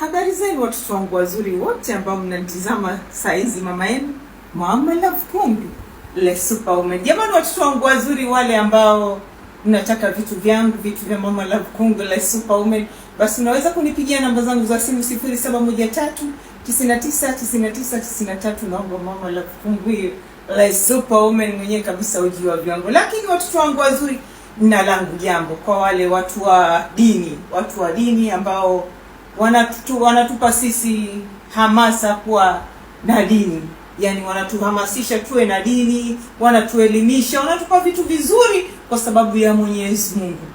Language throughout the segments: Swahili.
Habari zenu watoto wangu wazuri wote ambao mnanitizama hizi, mama yenu Mama Love Kumbi le superwoman. Jamani watoto wangu wazuri, wale ambao mnataka vitu vyangu, vitu vya Mama Love Kumbi le superwoman, basi unaweza kunipigia namba zangu za simu 0713 99 99 93. Naomba Mama Love Kumbi le superwoman mwenyewe kabisa ujiwa vyangu. Lakini watoto wangu wazuri, na langu jambo kwa wale watu wa dini, watu wa dini ambao wanatu, wanatupa sisi hamasa kuwa na dini, yani wanatuhamasisha tuwe na dini, wanatuelimisha, wanatupa vitu vizuri kwa sababu ya Mwenyezi Mungu.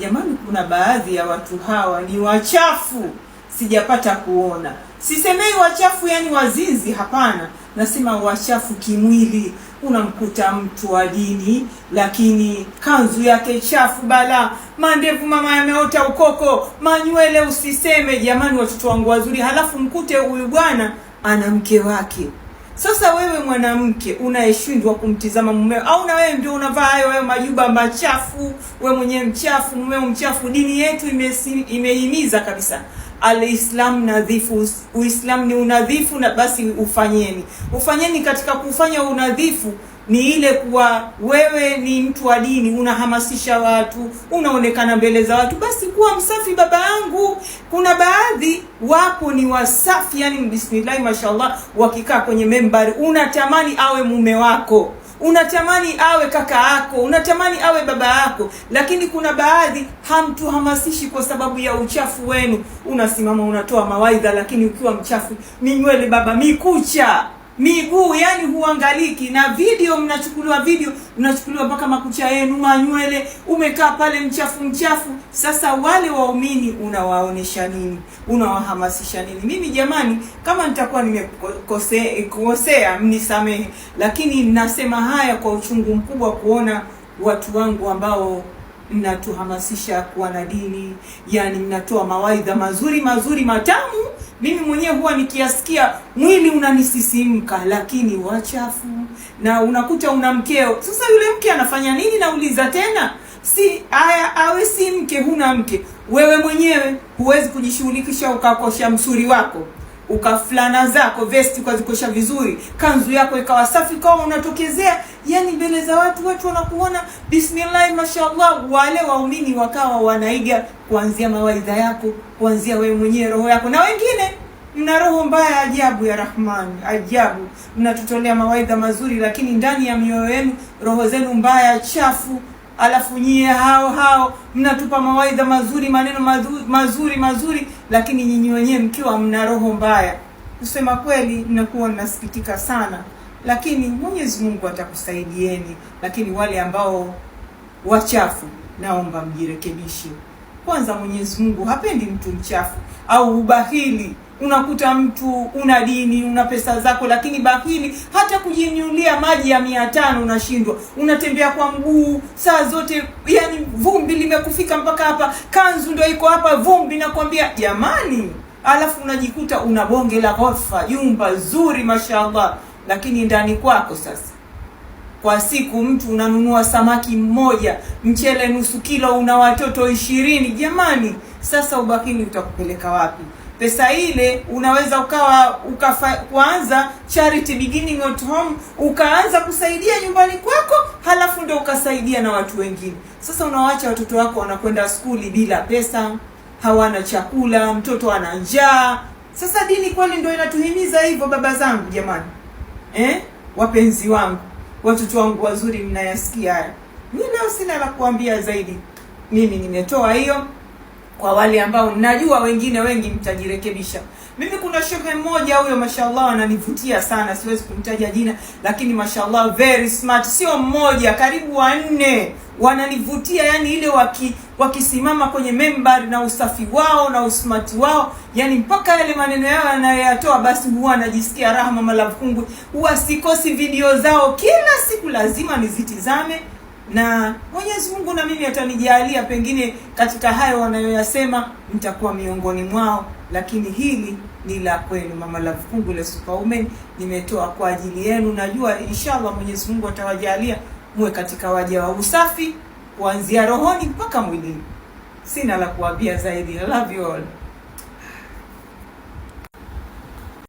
Jamani, kuna baadhi ya watu hawa ni wachafu, sijapata kuona Sisemei wachafu yani wazinzi, hapana. Nasema wachafu kimwili. Unamkuta mtu wa dini, lakini kanzu yake chafu bala, mandevu mama yameota ukoko, manywele usiseme, jamani, watoto wangu wazuri. Halafu mkute huyu bwana ana mke wake. Sasa wewe mwanamke unayeshindwa kumtizama mumeo, au na wewe ndio unavaa hayo hayo majuba machafu, wewe mwenyewe mchafu, mumeo mchafu. Dini yetu imehimiza kabisa Alislam nadhifu, uislam ni unadhifu, na basi ufanyeni ufanyeni. Katika kufanya unadhifu ni ile kuwa wewe ni mtu wa dini, unahamasisha watu, unaonekana mbele za watu, basi kuwa msafi baba yangu. Kuna baadhi wapo ni wasafi, yani bismillahi mashaallah, wakikaa kwenye membari unatamani awe mume wako unatamani awe kaka yako, unatamani awe baba yako, lakini kuna baadhi hamtuhamasishi kwa sababu ya uchafu wenu. Unasimama unatoa mawaidha, lakini ukiwa mchafu, nywele baba mikucha miguu yani huangaliki, na video mnachukuliwa, video mnachukuliwa mpaka makucha yenu, manywele, umekaa pale mchafu mchafu. Sasa wale waumini unawaonesha nini? Unawahamasisha nini? Mimi jamani, kama nitakuwa nimekosea mnisamehe, lakini nasema haya kwa uchungu mkubwa, kuona watu wangu ambao mnatuhamasisha kuwa na dini, yani mnatoa mawaidha mazuri mazuri matamu mimi mwenyewe huwa nikiasikia mwili unanisisimka, lakini wachafu na unakuta una mkeo. Sasa yule mke anafanya nini? Nauliza tena, si haya awe si mke, huna mke wewe mwenyewe, huwezi kujishughulikisha ukakosha msuri wako ukafulana zako vesti ukazikosha vizuri, kanzu yako ikawa safi, kawa unatokezea yani mbele za watu, watu wanakuona bismillah, mashallah. Wale waumini wakawa wanaiga kuanzia mawaidha yako, kuanzia wewe mwenyewe, roho yako. Na wengine mna roho mbaya ajabu ya Rahmani, ajabu, mnatutolea mawaidha mazuri, lakini ndani ya mioyo yenu roho zenu mbaya chafu alafu nyie hao hao mnatupa mawaidha mazuri, maneno mazuri mazuri mazuri, lakini nyinyi wenyewe mkiwa mna roho mbaya. Kusema kweli, nakuwa nasikitika sana, lakini Mwenyezi Mungu atakusaidieni. Lakini wale ambao wachafu, naomba mjirekebishe kwanza. Mwenyezi Mungu hapendi mtu mchafu au ubahili unakuta mtu una dini una pesa zako, lakini bakili hata kujinyulia maji ya mia tano unashindwa, unatembea kwa mguu saa zote, yani vumbi limekufika mpaka hapa, kanzu ndio iko hapa, vumbi nakwambia jamani. Alafu unajikuta una bonge la ghorofa, jumba zuri, mashaallah lakini ndani kwako sasa kwa siku mtu unanunua samaki mmoja, mchele nusu kilo, una watoto ishirini. Jamani, sasa ubakili utakupeleka wapi? Pesa ile unaweza ukawa ukafa, kuanza charity beginning at home, ukaanza kusaidia nyumbani kwako, halafu ndio ukasaidia na watu wengine. Sasa unawaacha watoto wako wanakwenda skuli bila pesa, hawana chakula, mtoto ana njaa. Sasa dini kweli ndio inatuhimiza hivyo, baba zangu jamani, eh? Wapenzi wangu, watoto wangu wazuri, mnayasikia haya? Mimi nao sina la kuambia zaidi, mimi nimetoa hiyo kwa wale ambao najua wengine wengi mtajirekebisha. Mimi kuna shehe mmoja huyo, mashallah, ananivutia sana, siwezi kumtaja jina, lakini mashallah very smart, sio mmoja, karibu wanne wananivutia, yani ile waki, wakisimama kwenye membari na usafi wao na usmart wao, yani mpaka yale maneno yao anayoyatoa, basi huwa anajisikia rahma. Malafungwe huwa sikosi video zao, kila siku lazima nizitizame na Mwenyezi Mungu na mimi atanijalia pengine katika hayo wanayoyasema nitakuwa miongoni mwao, lakini hili ni la kwenu. Mama Love Kungwile Superwoman, nimetoa kwa ajili yenu. Najua inshallah Mwenyezi Mungu atawajalia muwe katika waja wa usafi kuanzia rohoni mpaka mwilini. Sina la kuambia zaidi. I love you all.